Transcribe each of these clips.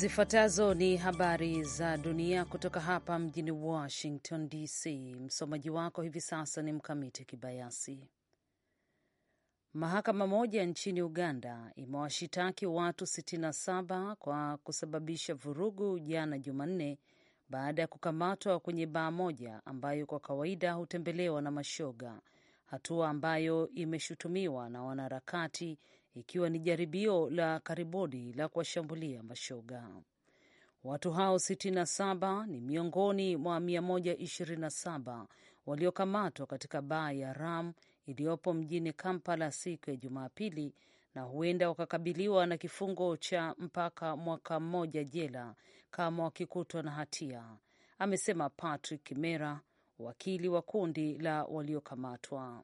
Zifuatazo ni habari za dunia kutoka hapa mjini Washington DC. Msomaji wako hivi sasa ni Mkamiti Kibayasi. Mahakama moja nchini Uganda imewashitaki watu 67 kwa kusababisha vurugu jana Jumanne baada ya kukamatwa kwenye baa moja ambayo kwa kawaida hutembelewa na mashoga, hatua ambayo imeshutumiwa na wanaharakati ikiwa ni jaribio la karibuni la kuwashambulia mashoga. Watu hao 67 ni miongoni mwa 127 waliokamatwa katika baa ya Ram iliyopo mjini Kampala siku ya Jumapili na huenda wakakabiliwa na kifungo cha mpaka mwaka mmoja jela kama wakikutwa na hatia, amesema Patrick mera wakili wa kundi la waliokamatwa.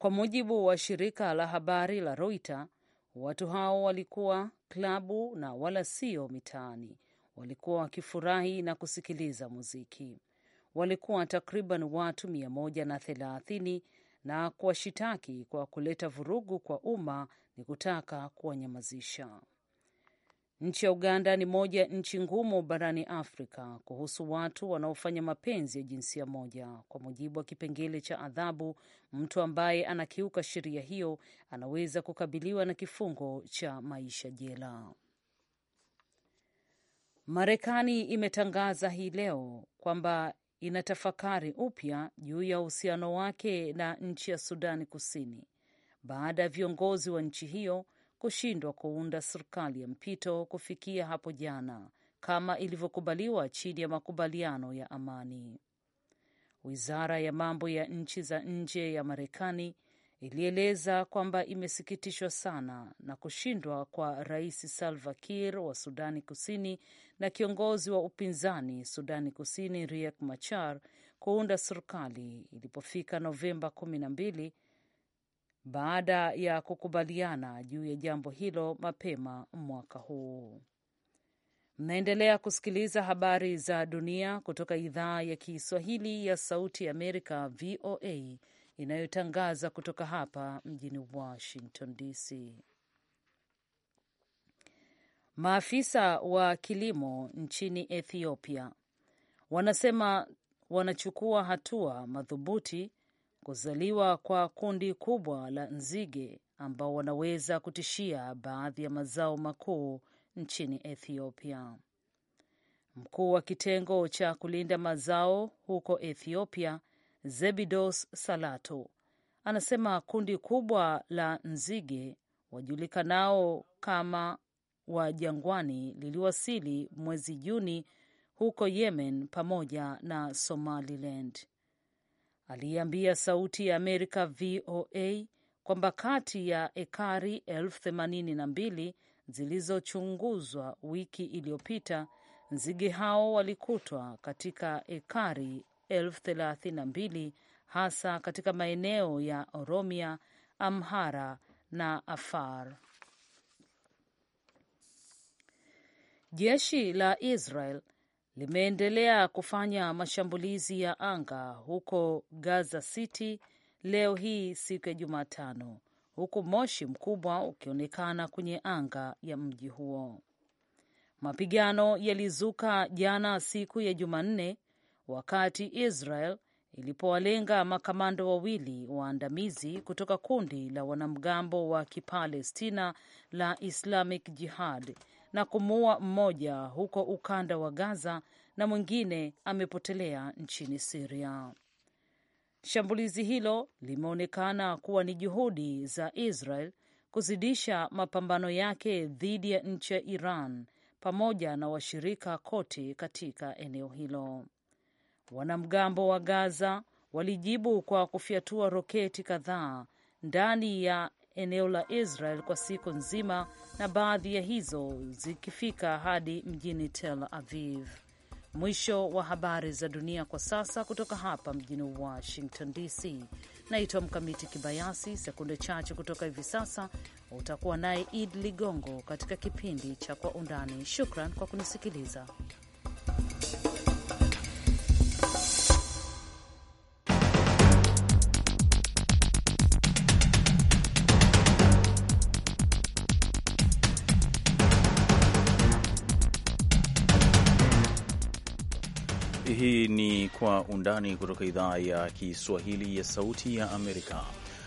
Kwa mujibu wa shirika la habari la Reuters, watu hao walikuwa klabu na wala sio mitaani. Walikuwa wakifurahi na kusikiliza muziki. Walikuwa takriban watu mia moja na thelathini na kuwashitaki kwa kuleta vurugu kwa umma ni kutaka kuwanyamazisha. Nchi ya Uganda ni moja nchi ngumu barani Afrika kuhusu watu wanaofanya mapenzi ya jinsia moja. Kwa mujibu wa kipengele cha adhabu, mtu ambaye anakiuka sheria hiyo anaweza kukabiliwa na kifungo cha maisha jela. Marekani imetangaza hii leo kwamba inatafakari upya juu ya uhusiano wake na nchi ya Sudani Kusini baada ya viongozi wa nchi hiyo kushindwa kuunda serikali ya mpito kufikia hapo jana kama ilivyokubaliwa chini ya makubaliano ya amani. Wizara ya mambo ya nchi za nje ya Marekani ilieleza kwamba imesikitishwa sana na kushindwa kwa Rais Salva Kiir wa Sudani Kusini na kiongozi wa upinzani Sudani Kusini Riek Machar kuunda serikali ilipofika Novemba kumi na mbili baada ya kukubaliana juu ya jambo hilo mapema mwaka huu. Mnaendelea kusikiliza habari za dunia kutoka idhaa ya Kiswahili ya Sauti Amerika, VOA, inayotangaza kutoka hapa mjini Washington DC. Maafisa wa kilimo nchini Ethiopia wanasema wanachukua hatua madhubuti kuzaliwa kwa kundi kubwa la nzige ambao wanaweza kutishia baadhi ya mazao makuu nchini Ethiopia. Mkuu wa kitengo cha kulinda mazao huko Ethiopia, Zebidos Salato, anasema kundi kubwa la nzige wajulikanao kama wa jangwani liliwasili mwezi Juni huko Yemen pamoja na Somaliland aliyeambia Sauti ya Amerika VOA kwamba kati ya ekari elfu themanini na mbili zilizochunguzwa wiki iliyopita, nzige hao walikutwa katika ekari elfu thelathini na mbili hasa katika maeneo ya Oromia, Amhara na Afar. Jeshi la Israel limeendelea kufanya mashambulizi ya anga huko Gaza City leo hii siku ya Jumatano, huku moshi mkubwa ukionekana kwenye anga ya mji huo. Mapigano yalizuka jana siku ya Jumanne wakati Israel ilipowalenga makamando wawili waandamizi kutoka kundi la wanamgambo wa Kipalestina la Islamic Jihad na kumuua mmoja huko ukanda wa Gaza na mwingine amepotelea nchini Siria. Shambulizi hilo limeonekana kuwa ni juhudi za Israel kuzidisha mapambano yake dhidi ya nchi ya Iran pamoja na washirika kote katika eneo hilo. Wanamgambo wa Gaza walijibu kwa kufyatua roketi kadhaa ndani ya eneo la Israel kwa siku nzima na baadhi ya hizo zikifika hadi mjini Tel Aviv. Mwisho wa habari za dunia kwa sasa kutoka hapa mjini Washington DC. Naitwa Mkamiti Kibayasi. Sekunde chache kutoka hivi sasa utakuwa naye Id Ligongo katika kipindi cha Kwa Undani. Shukran kwa kunisikiliza. Hii ni Kwa Undani kutoka idhaa ya Kiswahili ya Sauti ya Amerika.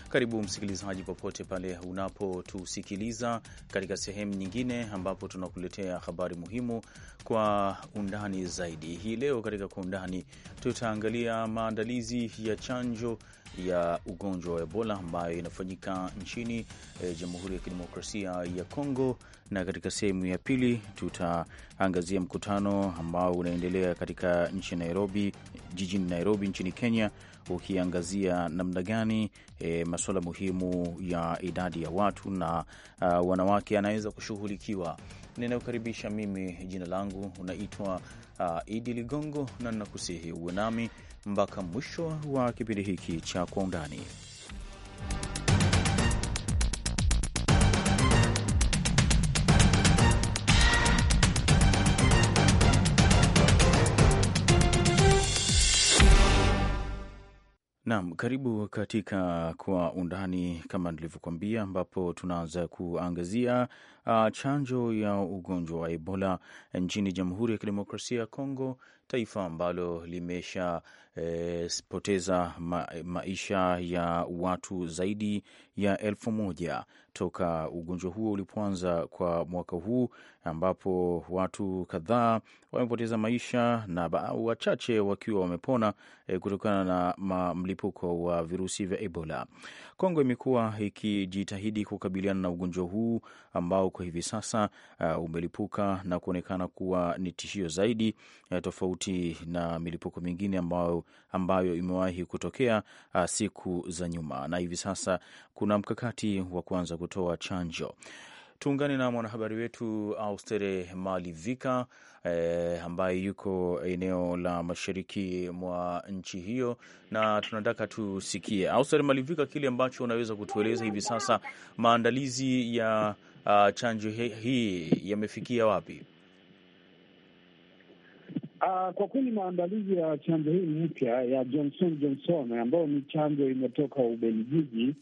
Karibu msikilizaji, popote pale unapotusikiliza katika sehemu nyingine, ambapo tunakuletea habari muhimu kwa undani zaidi. Hii leo katika Kwa Undani tutaangalia maandalizi ya chanjo ya ugonjwa wa Ebola ambayo inafanyika nchini e, Jamhuri ya Kidemokrasia ya Kongo. Na katika sehemu ya pili tutaangazia mkutano ambao unaendelea katika nchi Nairobi, jijini Nairobi nchini Kenya, ukiangazia namna gani e, masuala muhimu ya idadi ya watu na a, ah, wanawake anaweza kushughulikiwa. Ninayokaribisha mimi, jina langu unaitwa uh, Idi Ligongo, na ninakusihi uwe nami mpaka mwisho wa kipindi hiki cha Kwa Undani. Naam, karibu katika Kwa Undani kama nilivyokuambia, ambapo tunaanza kuangazia uh, chanjo ya ugonjwa wa Ebola nchini Jamhuri ya Kidemokrasia ya Kongo, taifa ambalo limeshapoteza eh, ma, maisha ya watu zaidi ya elfu moja toka ugonjwa huo ulipoanza kwa mwaka huu, ambapo watu kadhaa wamepoteza maisha na wachache wakiwa wamepona eh, kutokana na mlipuko wa virusi vya Ebola. Kongo imekuwa ikijitahidi kukabiliana na ugonjwa huu ambao kwa hivi sasa uh, umelipuka na kuonekana kuwa ni tishio zaidi uh, tofauti na milipuko mingine ambayo, ambayo imewahi kutokea uh, siku za nyuma, na hivi sasa kuna mkakati wa kuanza kutoa chanjo. Tuungane na mwanahabari wetu Austere Malivika eh, ambaye yuko eneo la mashariki mwa nchi hiyo, na tunataka tusikie, Austere Malivika, kile ambacho unaweza kutueleza hivi sasa maandalizi ya uh, chanjo hii yamefikia wapi? Uh, kwa kweli maandalizi ya chanjo hii mpya ya Johnson Johnson ambayo ni chanjo imetoka Ubelgiji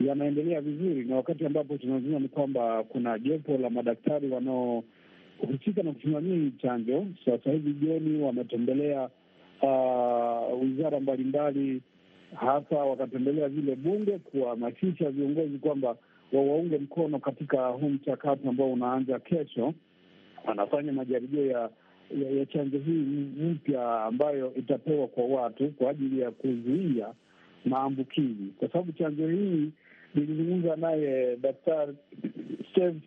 yanaendelea vizuri, na wakati ambapo tunazungumza ni kwamba kuna jopo la madaktari wanaohusika na kusimamia hii chanjo. Sasa hivi jioni wametembelea uh, wizara mbalimbali, hasa wakatembelea vile bunge kuwahamasisha viongozi kwamba wawaunge mkono katika huu mchakato ambao unaanza kesho. Wanafanya majaribio ya ya, ya chanjo hii mpya ambayo itapewa kwa watu kwa ajili ya kuzuia maambukizi, kwa sababu chanjo hii nilizungumza naye Daktari Steve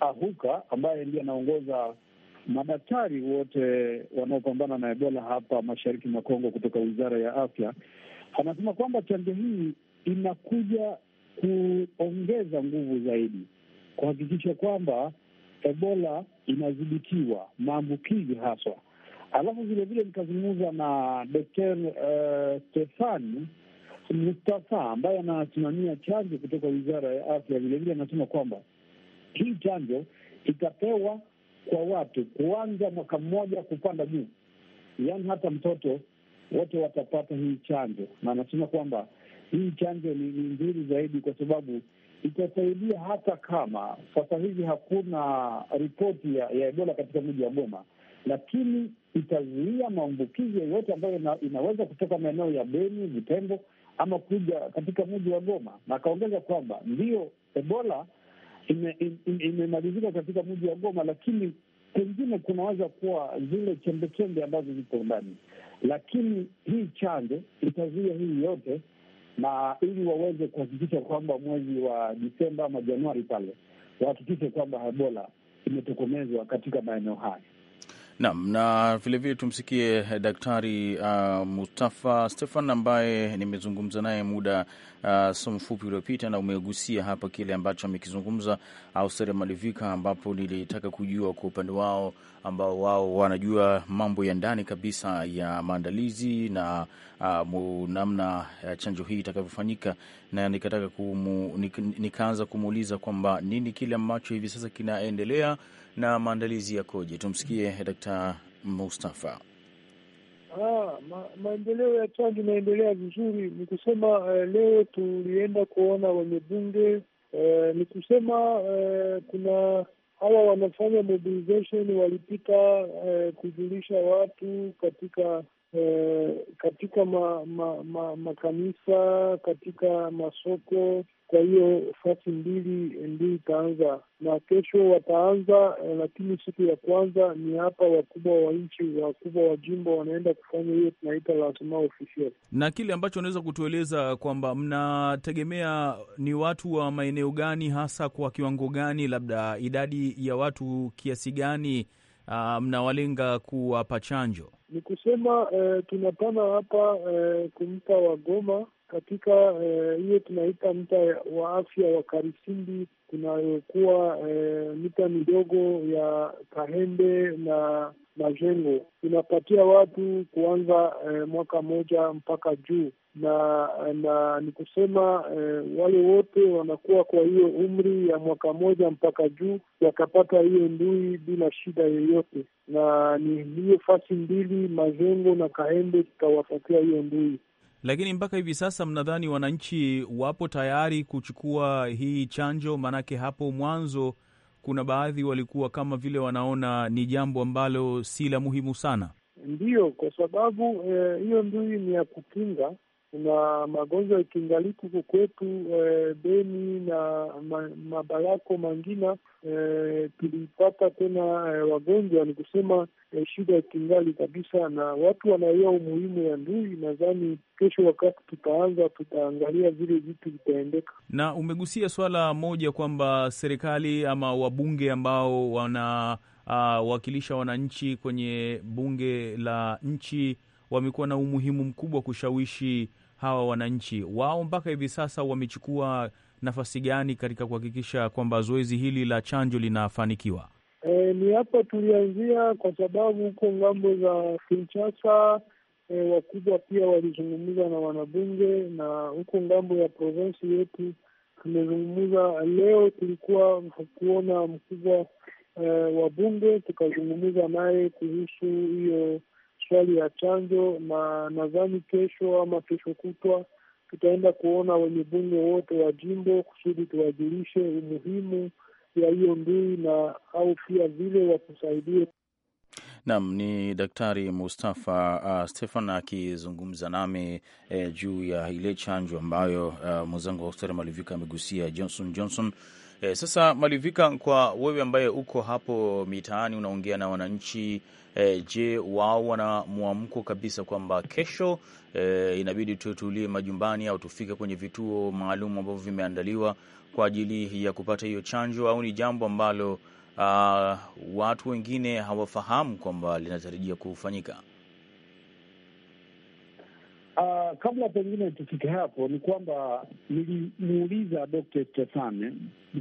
Ahuka ambaye ndiye anaongoza madaktari wote wanaopambana na Ebola hapa mashariki mwa Kongo kutoka wizara ya afya, anasema kwamba chanjo hii inakuja kuongeza nguvu zaidi kuhakikisha kwamba Ebola inadhibitiwa maambukizi haswa. Alafu vilevile nikazungumza na Daktari uh, eh, Stefan Mustafa ambaye anasimamia chanjo kutoka wizara ya afya. Vilevile anasema kwamba hii chanjo itapewa kwa watu kuanza mwaka mmoja kupanda juu, yaani hata mtoto wote watapata hii chanjo, na anasema kwamba hii chanjo ni nzuri zaidi, kwa sababu itasaidia hata kama sasa hivi hakuna ripoti ya, ya Ebola katika mji wa Goma, lakini itazuia maambukizi yoyote ambayo ina, inaweza kutoka maeneo ya Beni, Vitembo ama kuja katika mji wa Goma. Na akaongeza kwamba ndiyo Ebola imemalizika ime katika mji wa Goma, lakini pengine kunaweza kuwa zile chembechembe ambazo ziko ndani, lakini hii chanjo itazuia hii yote na ili waweze kuhakikisha kwamba mwezi wa Disemba ama Januari pale wahakikishe kwamba Ebola imetokomezwa katika maeneo haya. Naam, na vilevile tumsikie eh, Daktari uh, Mustafa Stefan ambaye nimezungumza naye muda uh, ah, so mfupi uliopita, na umegusia hapa kile ambacho amekizungumza Auster Malivika, ambapo nilitaka kujua kwa upande wao ambao wao wanajua mambo ya ndani kabisa ya maandalizi na uh, namna ya eh, chanjo hii itakavyofanyika, na nikataka kumu, nik, nikaanza kumuuliza kwamba nini kile ambacho hivi sasa kinaendelea na maandalizi yakoje? Tumsikie Daktari Mustafa. Ah, ma, maendeleo ya Changi inaendelea vizuri. Ni kusema eh, leo tulienda kuona wenye bunge eh, ni kusema eh, kuna hawa wanafanya mobilization walipita eh, kujulisha watu katika eh, katika ma, ma, ma, makanisa katika masoko kwa hiyo fasi mbili ndio itaanza na kesho wataanza, eh, lakini siku ya kwanza ni hapa, wakubwa wa nchi, wakubwa wa jimbo wanaenda kufanya hiyo tunaita lazima official. Na kile ambacho unaweza kutueleza kwamba mnategemea ni watu wa maeneo gani hasa, kwa kiwango gani, labda idadi ya watu kiasi gani? Uh, mnawalenga kuwapa chanjo? Ni kusema eh, tunapana hapa eh, kumpa wagoma katika eh, hiyo eh, tunaita mta wa afya wa Karisindi kunayokuwa eh, mita midogo ya Kahembe na Majengo, tunapatia watu kuanza eh, mwaka moja mpaka juu na na ni kusema eh, wale wote wanakuwa kwa hiyo umri ya mwaka moja mpaka juu wakapata hiyo ndui bila shida yoyote, na ni hiyo fasi mbili Majengo na Kahembe zitawapatia hiyo ndui. Lakini mpaka hivi sasa mnadhani wananchi wapo tayari kuchukua hii chanjo? Maanake hapo mwanzo kuna baadhi walikuwa kama vile wanaona ni jambo ambalo si la muhimu sana. Ndiyo, kwa sababu eh, hiyo eh, ndui ni ya kukinga na magonjwa kingaliku huko kwetu e, Beni na ma, Mabarako Mangina e, eh, tulipata tena e, wagonjwa. Ni kusema e, shida kingali kabisa, na watu wanaia umuhimu ya ndui. Nadhani kesho wakati tutaanza, tutaangalia vile vitu vitaendeka. Na umegusia swala moja kwamba serikali ama wabunge ambao wanawakilisha ah, uh, wananchi kwenye bunge la nchi wamekuwa na umuhimu mkubwa kushawishi hawa wananchi wao mpaka hivi sasa wamechukua nafasi gani katika kuhakikisha kwamba zoezi hili la chanjo linafanikiwa? E, ni hapa tulianzia kwa sababu huko ngambo za Kinshasa e, wakubwa pia walizungumza na wanabunge, na huko ngambo ya provensi yetu tumezungumza. Leo tulikuwa kuona mkubwa e, wa bunge, tukazungumza naye kuhusu hiyo swali ya chanjo, na nadhani kesho ama kesho kutwa tutaenda kuona wenye bunge wote wa jimbo kusudi tuwajulishe umuhimu ya hiyo ndui na au pia vile watusaidie. Nam ni Daktari Mustafa uh, Stefan akizungumza nami eh, juu ya ile chanjo ambayo uh, mwenzangu wa austeri Malivika amegusia Johnson Johnson E, sasa Malivika, kwa wewe ambaye uko hapo mitaani unaongea na wananchi e, je, wao wana mwamko kabisa kwamba kesho e, inabidi tutulie majumbani au tufike kwenye vituo maalum ambavyo vimeandaliwa kwa ajili ya kupata hiyo chanjo au ni jambo ambalo Uh, watu wengine hawafahamu kwamba linatarajia kufanyika. Uh, kabla pengine tufike hapo, ni kwamba nilimuuliza Dr. Stefane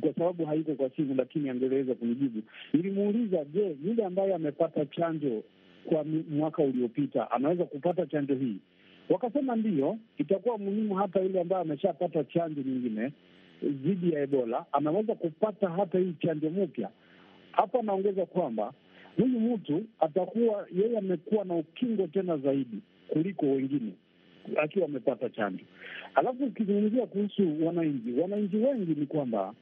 kwa sababu haiko kwa simu, lakini angeweza kunijibu. Nilimuuliza, je, yule ambaye amepata chanjo kwa mwaka uliopita anaweza kupata chanjo hii? Wakasema ndiyo, itakuwa muhimu hata yule ambaye ameshapata chanjo nyingine dhidi ya Ebola anaweza kupata hata hii chanjo mpya. Hapa anaongeza kwamba huyu mtu atakuwa yeye amekuwa na ukingo tena zaidi kuliko wengine akiwa amepata chanjo. Alafu ukizungumzia kuhusu wananchi, wananchi wengi ni kwamba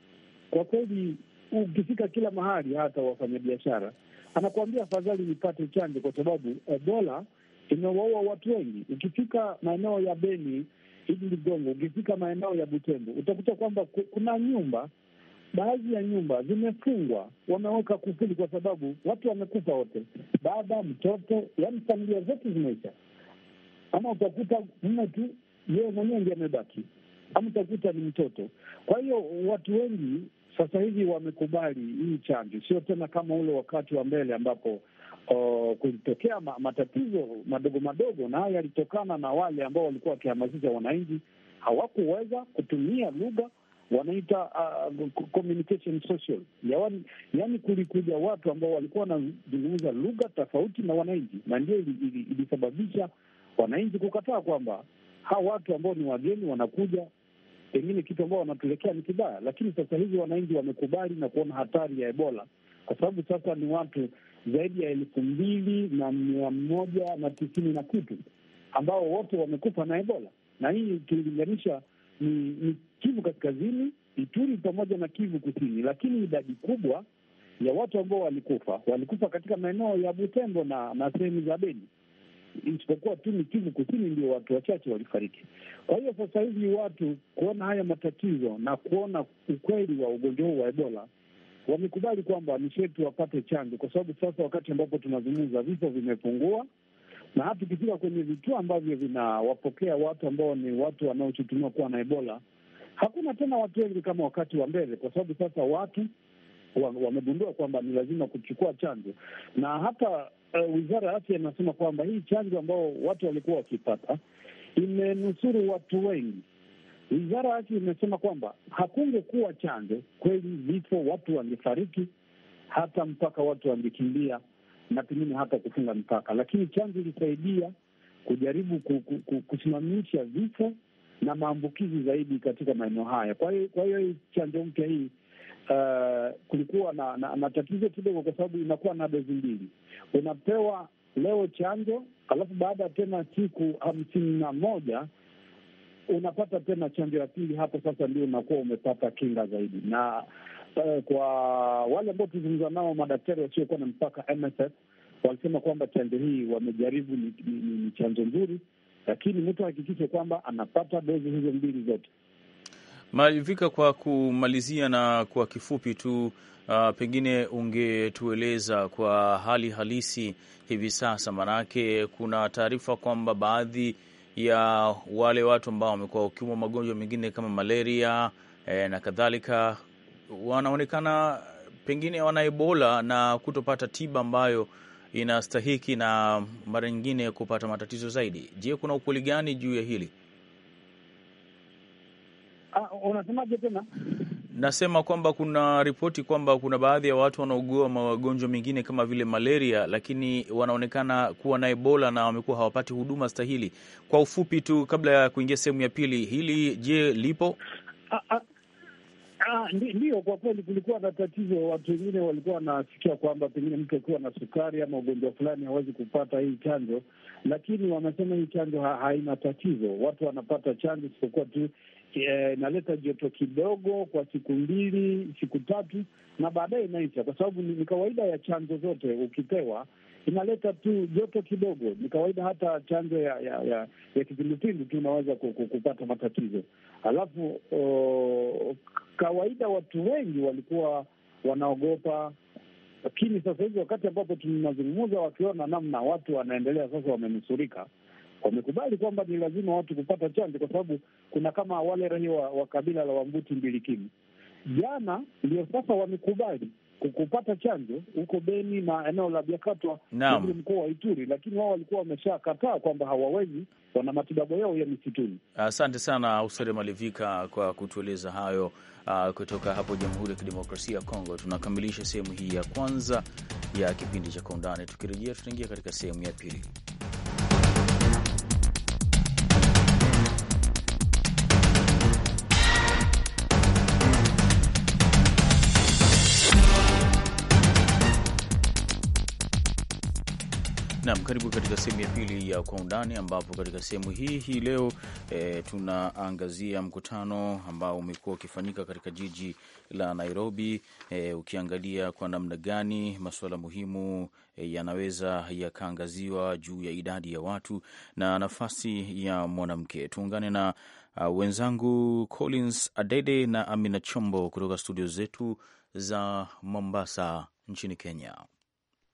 kwa kweli ukifika kila mahali, hata wafanyabiashara anakuambia afadhali nipate chanjo, kwa sababu Ebola imewaua watu wengi. Ukifika maeneo ya Beni, Idi Ligongo, ukifika maeneo ya Butembo, utakuta kwamba kuna nyumba, baadhi ya nyumba zimefungwa, wameweka kufuli, kwa sababu watu wamekufa wote, baba, mtoto, yaani familia zote zimeisha ama utakuta mume tu yeye mwenyewe ndiye amebaki, ama utakuta ni mtoto. Kwa hiyo watu wengi sasa hivi wamekubali hii chanjo, sio tena kama ule wakati wa mbele ambapo o, kulitokea ma, matatizo madogo madogo, na haya yalitokana na wale ambao walikuwa wakihamasisha wananchi, hawakuweza kutumia lugha wanaita uh, communication social, yaani yani kulikuja watu ambao walikuwa wanazungumza lugha tofauti na wananchi, na ndio ilisababisha ili, ili wananchi kukataa kwamba hawa watu ambao ni wageni wanakuja, pengine kitu ambao wanatuelekea ni kibaya. Lakini sasa hivi wananchi wamekubali na kuona hatari ya Ebola, kwa sababu sasa ni watu zaidi ya elfu mbili na mia moja na tisini na kitu ambao wote wamekufa na Ebola, na hii ukilinganisha ni, ni Kivu Kaskazini, Ituri pamoja na Kivu Kusini, lakini idadi kubwa ya watu ambao walikufa walikufa katika maeneo ya Butembo na, na sehemu za Beni isipokuwa tu ni Kivu Kusini ndio watu wachache walifariki. Kwa hiyo sasa hivi watu kuona haya matatizo na kuona ukweli wa ugonjwa huu wa Ebola wamekubali kwamba ni shetu wapate chanjo, kwa sababu sasa wakati ambapo tunazungumza vifo vimepungua, na hata ukifika kwenye vituo ambavyo vinawapokea watu ambao ni watu wanaoshutumiwa kuwa na Ebola hakuna tena watu wengi kama wakati wa mbele, kwa sababu sasa watu wamegundua kwamba ni lazima kuchukua chanjo na hapa uh, eh, wizara ya afya inasema kwamba hii chanjo ambao watu walikuwa wakipata imenusuru watu wengi. Wizara ya afya imesema kwamba hakungekuwa chanjo, kweli vifo, watu wangefariki, hata mpaka watu wangekimbia na pengine hata kufunga mpaka, lakini chanjo ilisaidia kujaribu kusimamisha vifo na maambukizi zaidi katika maeneo haya. Kwa hiyo kwa hiyo chanjo mpya hii uh, kulikuwa na, na, na tatizo kidogo, kwa sababu inakuwa na dozi mbili, unapewa leo chanjo alafu baada ya tena siku hamsini na moja unapata tena chanjo ya pili. Hapo sasa ndio unakuwa umepata kinga zaidi. Na uh, kwa wale ambao tulizungumza nao madaktari wasiokuwa na mpaka MSF walisema kwamba chanjo hii wamejaribu ni, ni, ni chanjo nzuri, lakini mtu ahakikishe kwamba anapata dozi hizo mbili zote. Malivika, kwa kumalizia na kwa kifupi tu Uh, pengine ungetueleza kwa hali halisi hivi sasa, maanake kuna taarifa kwamba baadhi ya wale watu ambao wamekuwa wakiumwa magonjwa mengine kama malaria eh, na kadhalika wanaonekana pengine wana Ebola na kutopata tiba ambayo inastahiki na mara nyingine kupata matatizo zaidi. Je, kuna ukweli gani juu ya hili? Ah, unasemaje tena? Nasema kwamba kuna ripoti kwamba kuna baadhi ya watu wanaougua magonjwa mengine kama vile malaria, lakini wanaonekana kuwa na Ebola na wamekuwa hawapati huduma stahili. Kwa ufupi tu, kabla ya kuingia sehemu ya pili, hili je, lipo? Ah, ah, ndio ndiyo, kwa kweli kulikuwa na tatizo. Watu wengine walikuwa wanasikia kwamba pengine mtu akiwa na sukari ama ugonjwa fulani hawezi kupata hii chanjo, lakini wamesema hii chanjo ha, haina tatizo. Watu wanapata chanjo isipokuwa tu Eh, inaleta e, joto kidogo kwa siku mbili siku tatu, na baadaye inaisha, kwa sababu ni kawaida ya chanjo zote. Ukipewa inaleta tu joto kidogo, ni kawaida. Hata chanjo ya ya, ya, ya kipindupindu tu unaweza kupata matatizo. Alafu o, kawaida watu wengi walikuwa wanaogopa lakini sasa hivi wakati ambapo tunazungumza, wakiona namna watu wanaendelea sasa, wamenusurika wamekubali kwamba ni lazima watu kupata chanjo, kwa sababu kuna kama wale raia wa, wa kabila la Wambuti mbilikimu jana ndio sasa wamekubali kupata chanjo huko Beni na eneo la Biakatwa na mkoa wa Ituri, lakini wao walikuwa wameshakataa kwamba hawawezi, wana matibabu yao ya misituni. Asante sana Usere Malivika kwa kutueleza hayo. Uh, kutoka hapo Jamhuri ya Kidemokrasia ya Kongo tunakamilisha sehemu hii ya kwanza ya kipindi cha Kwa Undani. Tukirejea tutaingia katika sehemu ya pili. Nam, karibu katika sehemu ya pili ya Kwa Undani, ambapo katika sehemu hii hii leo e, tunaangazia mkutano ambao umekuwa ukifanyika katika jiji la Nairobi, e, ukiangalia kwa namna gani masuala muhimu e, yanaweza yakaangaziwa juu ya idadi ya watu na nafasi ya mwanamke. Tuungane na uh, wenzangu Collins Adede na Amina Chombo kutoka studio zetu za Mombasa nchini Kenya.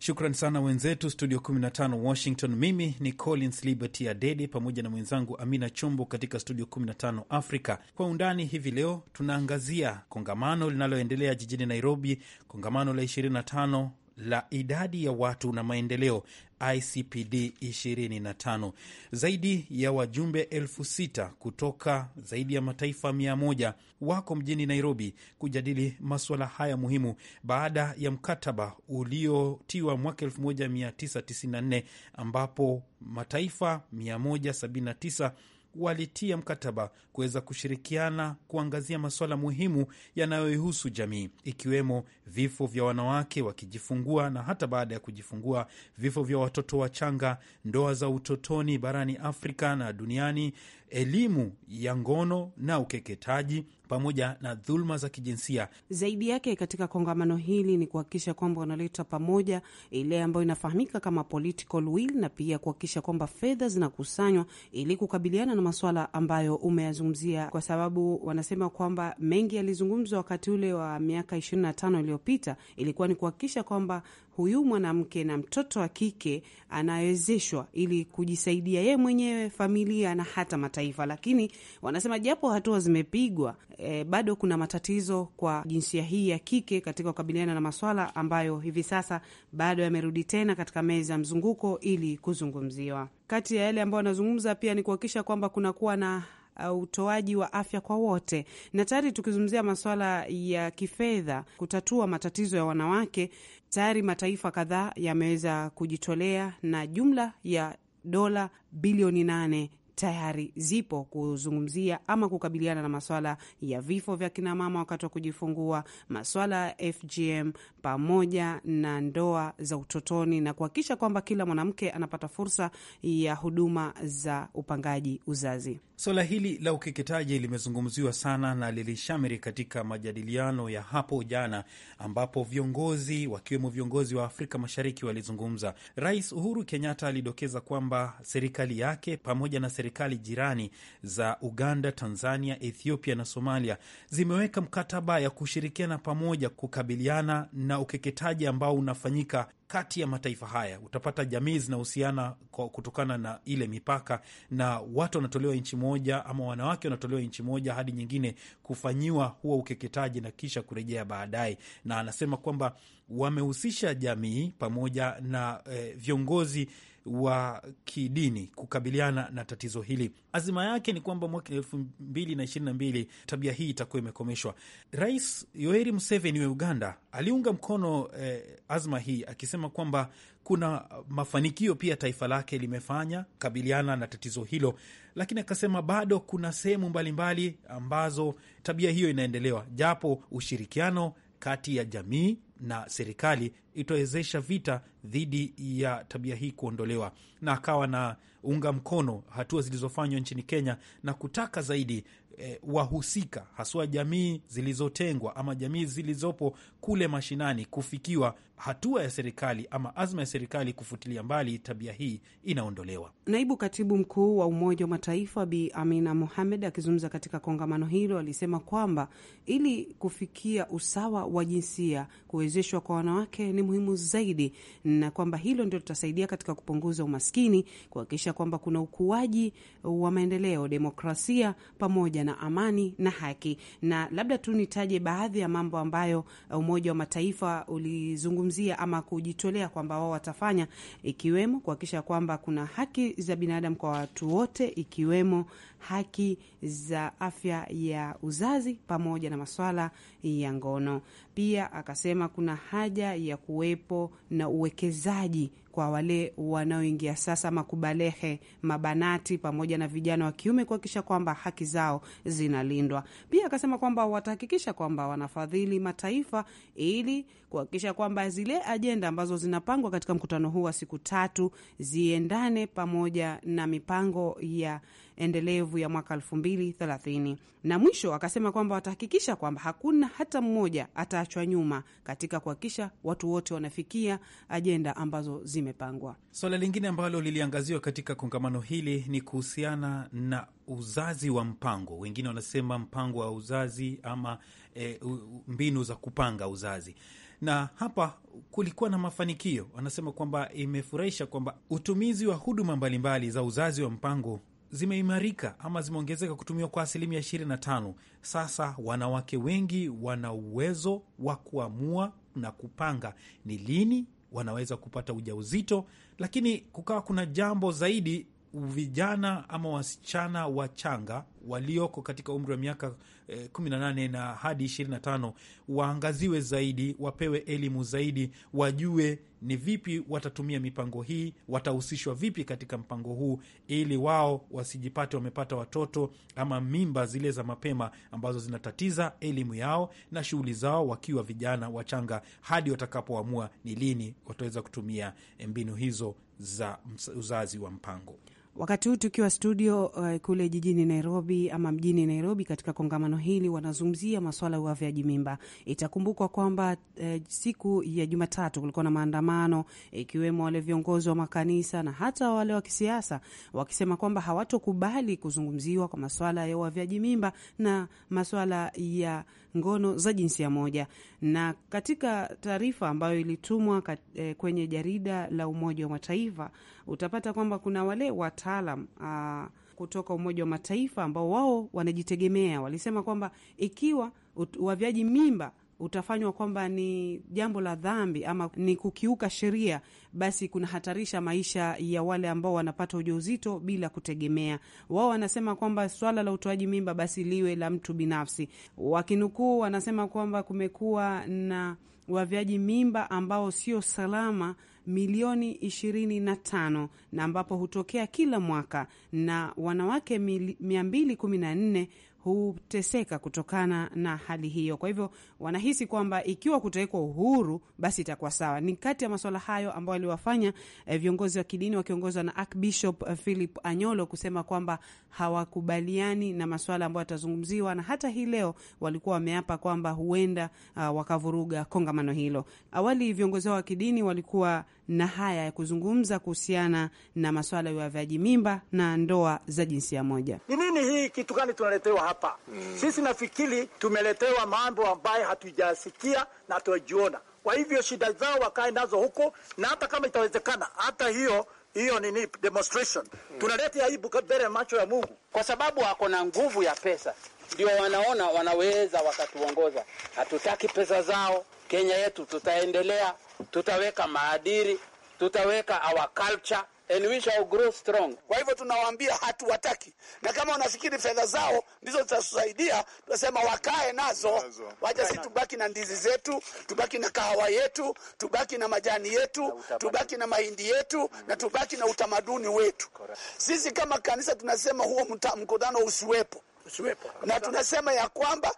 Shukran sana wenzetu studio 15 Washington. Mimi ni Collins Liberty Adede pamoja na mwenzangu Amina Chombo katika studio 15 Africa. Kwa undani hivi leo tunaangazia kongamano linaloendelea jijini Nairobi, kongamano la 25 la idadi ya watu na maendeleo ICPD 25. Zaidi ya wajumbe elfu sita kutoka zaidi ya mataifa mia moja wako mjini Nairobi kujadili masuala haya muhimu baada ya mkataba uliotiwa mwaka 1994 ambapo mataifa 179 walitia mkataba kuweza kushirikiana kuangazia masuala muhimu yanayoihusu jamii ikiwemo vifo vya wanawake wakijifungua na hata baada ya kujifungua, vifo vya watoto wachanga, ndoa za utotoni barani Afrika na duniani, elimu ya ngono na ukeketaji pamoja na dhuluma za kijinsia. Zaidi yake katika kongamano hili ni kuhakikisha kwamba wanaleta pamoja ile ambayo inafahamika kama political will, na pia kuhakikisha kwamba fedha zinakusanywa ili kukabiliana na masuala ambayo umeyazungumzia, kwa sababu wanasema kwamba mengi yalizungumzwa wakati ule wa miaka tano iliyopita, ilikuwa ni kuhakikisha kwamba huyu mwanamke na mtoto wa kike anawezeshwa ili kujisaidia yeye mwenyewe, familia na hata mataifa. Lakini wanasema japo hatua zimepigwa, e, bado kuna matatizo kwa jinsia hii ya kike katika kukabiliana na maswala ambayo hivi sasa bado yamerudi tena katika meza ya mzunguko ili kuzungumziwa. Kati ya yale ambayo wanazungumza pia ni kuhakikisha kwamba kunakuwa na e, utoaji wa afya kwa wote, na tayari tukizungumzia masuala ya kifedha, kutatua matatizo ya wanawake, Tayari mataifa kadhaa yameweza kujitolea na jumla ya dola bilioni nane tayari zipo kuzungumzia ama kukabiliana na maswala ya vifo vya kinamama wakati wa kujifungua, maswala ya FGM pamoja na ndoa za utotoni na kuhakikisha kwamba kila mwanamke anapata fursa ya huduma za upangaji uzazi. Swala hili la ukeketaji limezungumziwa sana na lilishamiri katika majadiliano ya hapo jana, ambapo viongozi wakiwemo viongozi wa Afrika Mashariki walizungumza. Rais Uhuru Kenyatta alidokeza kwamba serikali yake pamoja na serikali serikali jirani za Uganda, Tanzania, Ethiopia na Somalia zimeweka mkataba ya kushirikiana pamoja kukabiliana na ukeketaji ambao unafanyika kati ya mataifa haya. Utapata jamii zinahusiana kutokana na ile mipaka, na watu wanatolewa nchi moja ama wanawake wanatolewa nchi moja hadi nyingine kufanyiwa huo ukeketaji na kisha kurejea baadaye. Na anasema kwamba wamehusisha jamii pamoja na eh, viongozi wa kidini kukabiliana na tatizo hili. Azima yake ni kwamba mwaka elfu mbili na ishirini na mbili tabia hii itakuwa imekomeshwa. Rais Yoweri Museveni wa Uganda aliunga mkono eh, azma hii akisema kwamba kuna mafanikio pia taifa lake limefanya kukabiliana na tatizo hilo, lakini akasema bado kuna sehemu mbalimbali ambazo tabia hiyo inaendelewa, japo ushirikiano kati ya jamii na serikali itawezesha vita dhidi ya tabia hii kuondolewa, na akawa na unga mkono hatua zilizofanywa nchini Kenya na kutaka zaidi eh, wahusika haswa jamii zilizotengwa ama jamii zilizopo kule mashinani kufikiwa hatua ya serikali ama azma ya serikali kufutilia mbali tabia hii inaondolewa. Naibu katibu mkuu wa Umoja wa Mataifa Bi Amina Mohamed akizungumza katika kongamano hilo alisema kwamba ili kufikia usawa wa jinsia, kuwezeshwa kwa wanawake ni muhimu zaidi, na kwamba hilo ndio litasaidia katika kupunguza umaskini, kuhakikisha kwamba kuna ukuaji wa maendeleo, demokrasia pamoja na amani na haki. Na labda tu nitaje baadhi ya mambo ambayo uh, Umoja wa Mataifa ulizungumzia ama kujitolea kwamba wao watafanya, ikiwemo kuhakikisha kwamba kuna haki za binadamu kwa watu wote, ikiwemo haki za afya ya uzazi pamoja na masuala ya ngono. Pia akasema kuna haja ya kuwepo na uwekezaji kwa wale wanaoingia sasa makubalehe, mabanati pamoja na vijana wa kiume kuhakikisha kwamba haki zao zinalindwa. Pia akasema kwamba watahakikisha kwamba wanafadhili mataifa ili kuhakikisha kwamba zile ajenda ambazo zinapangwa katika mkutano huu wa siku tatu ziendane pamoja na mipango ya endelevu ya mwaka 2030. Na mwisho akasema kwamba watahakikisha kwamba hakuna hata mmoja ataachwa nyuma katika kuhakikisha watu wote wanafikia ajenda ambazo zimepangwa. Swala lingine ambalo liliangaziwa katika kongamano hili ni kuhusiana na uzazi wa mpango. Wengine wanasema mpango wa uzazi ama e, mbinu za kupanga uzazi na hapa kulikuwa na mafanikio. wanasema kwamba imefurahisha kwamba utumizi wa huduma mbalimbali za uzazi wa mpango zimeimarika ama zimeongezeka kutumiwa kwa asilimia 25. Sasa wanawake wengi wana uwezo wa kuamua na kupanga ni lini wanaweza kupata ujauzito, lakini kukawa kuna jambo zaidi vijana ama wasichana wachanga walioko katika umri wa miaka eh, 18 na hadi 25 waangaziwe zaidi, wapewe elimu zaidi, wajue ni vipi watatumia mipango hii, watahusishwa vipi katika mpango huu, ili wao wasijipate wamepata watoto ama mimba zile za mapema ambazo zinatatiza elimu yao na shughuli zao wakiwa vijana wachanga, hadi watakapoamua ni lini wataweza kutumia eh, mbinu hizo za uzazi wa mpango. Wakati huu tukiwa studio uh, kule jijini Nairobi ama mjini Nairobi, katika kongamano hili wanazungumzia maswala ya uavyaji mimba. Itakumbukwa kwamba uh, siku ya Jumatatu kulikuwa na maandamano ikiwemo wale viongozi wa makanisa na hata wale wa kisiasa wakisema kwamba hawatokubali kuzungumziwa kwa maswala ya uavyaji mimba na maswala ya ngono za jinsia moja. Na katika taarifa ambayo ilitumwa kat, eh, kwenye jarida la Umoja wa Mataifa utapata kwamba kuna wale wataalam ah, kutoka Umoja wa Mataifa ambao wao wanajitegemea, walisema kwamba ikiwa uavyaji mimba utafanywa kwamba ni jambo la dhambi ama ni kukiuka sheria, basi kunahatarisha maisha ya wale ambao wanapata ujauzito bila kutegemea. Wao wanasema kwamba swala la utoaji mimba basi liwe la mtu binafsi. Wakinukuu wanasema kwamba kumekuwa na wavyaji mimba ambao sio salama milioni ishirini na tano na ambapo hutokea kila mwaka na wanawake mia mbili kumi na nne huteseka kutokana na hali hiyo. Kwa hivyo wanahisi kwamba ikiwa kutawekwa uhuru, basi itakuwa sawa. Ni kati ya masuala hayo ambayo aliwafanya eh, viongozi wa kidini wakiongozwa na Archbishop eh, Philip Anyolo kusema kwamba hawakubaliani na masuala ambayo yatazungumziwa, na hata hii leo walikuwa wameapa kwamba huenda uh, wakavuruga kongamano hilo. Awali viongozi hao wa kidini walikuwa na haya ya kuzungumza kuhusiana na maswala ya uavyaji mimba na ndoa za jinsia moja. Ni nini hii kitu gani tunaletewa hapa? Mm. Sisi nafikiri tumeletewa mambo ambayo hatujasikia na hatujajiona. Kwa hivyo shida zao wakae nazo huko, na hata kama itawezekana, hata hiyo hiyo nini demonstration mm. tunaleta aibu mbele ya macho ya Mungu, kwa sababu wako na nguvu ya pesa, ndio wanaona wanaweza wakatuongoza. Hatutaki pesa zao. Kenya yetu tutaendelea tutaweka maadili, tutaweka our culture and we shall grow strong. Kwa hivyo tunawaambia hatuwataki, na kama wanafikiri fedha zao ndizo zitatusaidia, tunasema wakae nazo, waje si tubaki na ndizi zetu, tubaki na kahawa yetu, tubaki na majani yetu, tubaki na mahindi yetu, mm. na tubaki na utamaduni wetu. Sisi kama kanisa tunasema huo mkutano usiwepo usiwepo. Na tunasema ya kwamba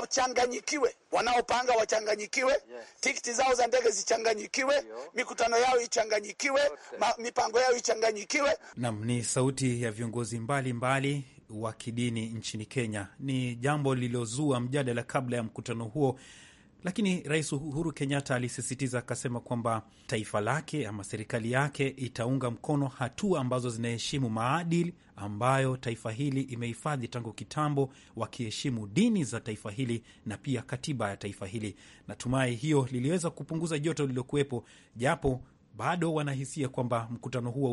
wachanganyikiwe, wanaopanga wachanganyikiwe, yes. Tikiti zao za ndege zichanganyikiwe, mikutano yao ichanganyikiwe, mipango yao ichanganyikiwe. Nam ni sauti ya viongozi mbalimbali wa kidini nchini Kenya. Ni jambo lililozua mjadala kabla ya mkutano huo lakini Rais Uhuru Kenyatta alisisitiza akasema kwamba taifa lake ama serikali yake itaunga mkono hatua ambazo zinaheshimu maadili ambayo taifa hili imehifadhi tangu kitambo, wakiheshimu dini za taifa hili na pia katiba ya taifa hili. Natumai hiyo liliweza kupunguza joto lililokuwepo, japo bado wanahisia kwamba mkutano huo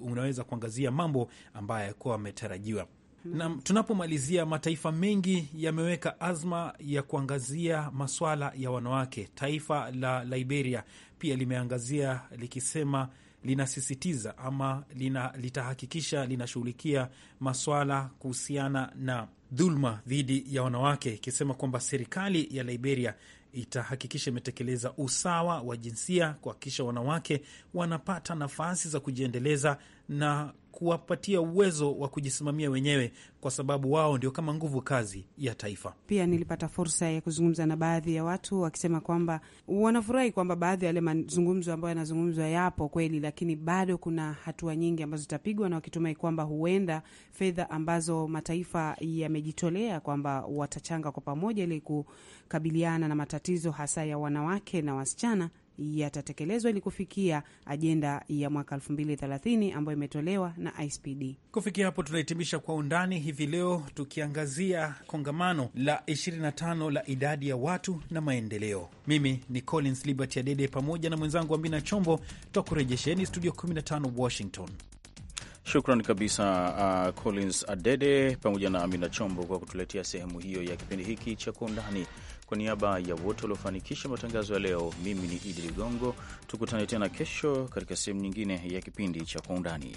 unaweza kuangazia mambo ambayo yakuwa ametarajiwa. Na tunapomalizia, mataifa mengi yameweka azma ya kuangazia maswala ya wanawake. Taifa la Liberia pia limeangazia likisema linasisitiza ama lina, litahakikisha linashughulikia maswala kuhusiana na dhuluma dhidi ya wanawake, ikisema kwamba serikali ya Liberia itahakikisha imetekeleza usawa wa jinsia, kuhakikisha wanawake wanapata nafasi za kujiendeleza na kuwapatia uwezo wa kujisimamia wenyewe, kwa sababu wao ndio kama nguvu kazi ya taifa. Pia nilipata fursa ya kuzungumza na baadhi ya watu wakisema kwamba wanafurahi kwamba baadhi ya yale mazungumzo ambayo yanazungumzwa yapo kweli, lakini bado kuna hatua nyingi ambazo zitapigwa, na wakitumai kwamba huenda fedha ambazo mataifa yamejitolea kwamba watachanga kwa pamoja ili kukabiliana na matatizo hasa ya wanawake na wasichana yatatekelezwa ili kufikia ajenda ya mwaka 2030 ambayo imetolewa na ICPD. Kufikia hapo, tunahitimisha kwa undani hivi leo tukiangazia kongamano la 25 la idadi ya watu na maendeleo. Mimi ni Collins Liberty Adede pamoja na mwenzangu Amina Chombo, twakurejesheni studio 15 Washington. Shukran kabisa uh, Collins Adede pamoja na Amina Chombo kwa kutuletea sehemu hiyo ya kipindi hiki cha Kwa Undani. Kwa niaba ya wote waliofanikisha matangazo ya leo, mimi ni Idi Ligongo. Tukutane tena kesho katika sehemu nyingine ya kipindi cha Kwa Undani.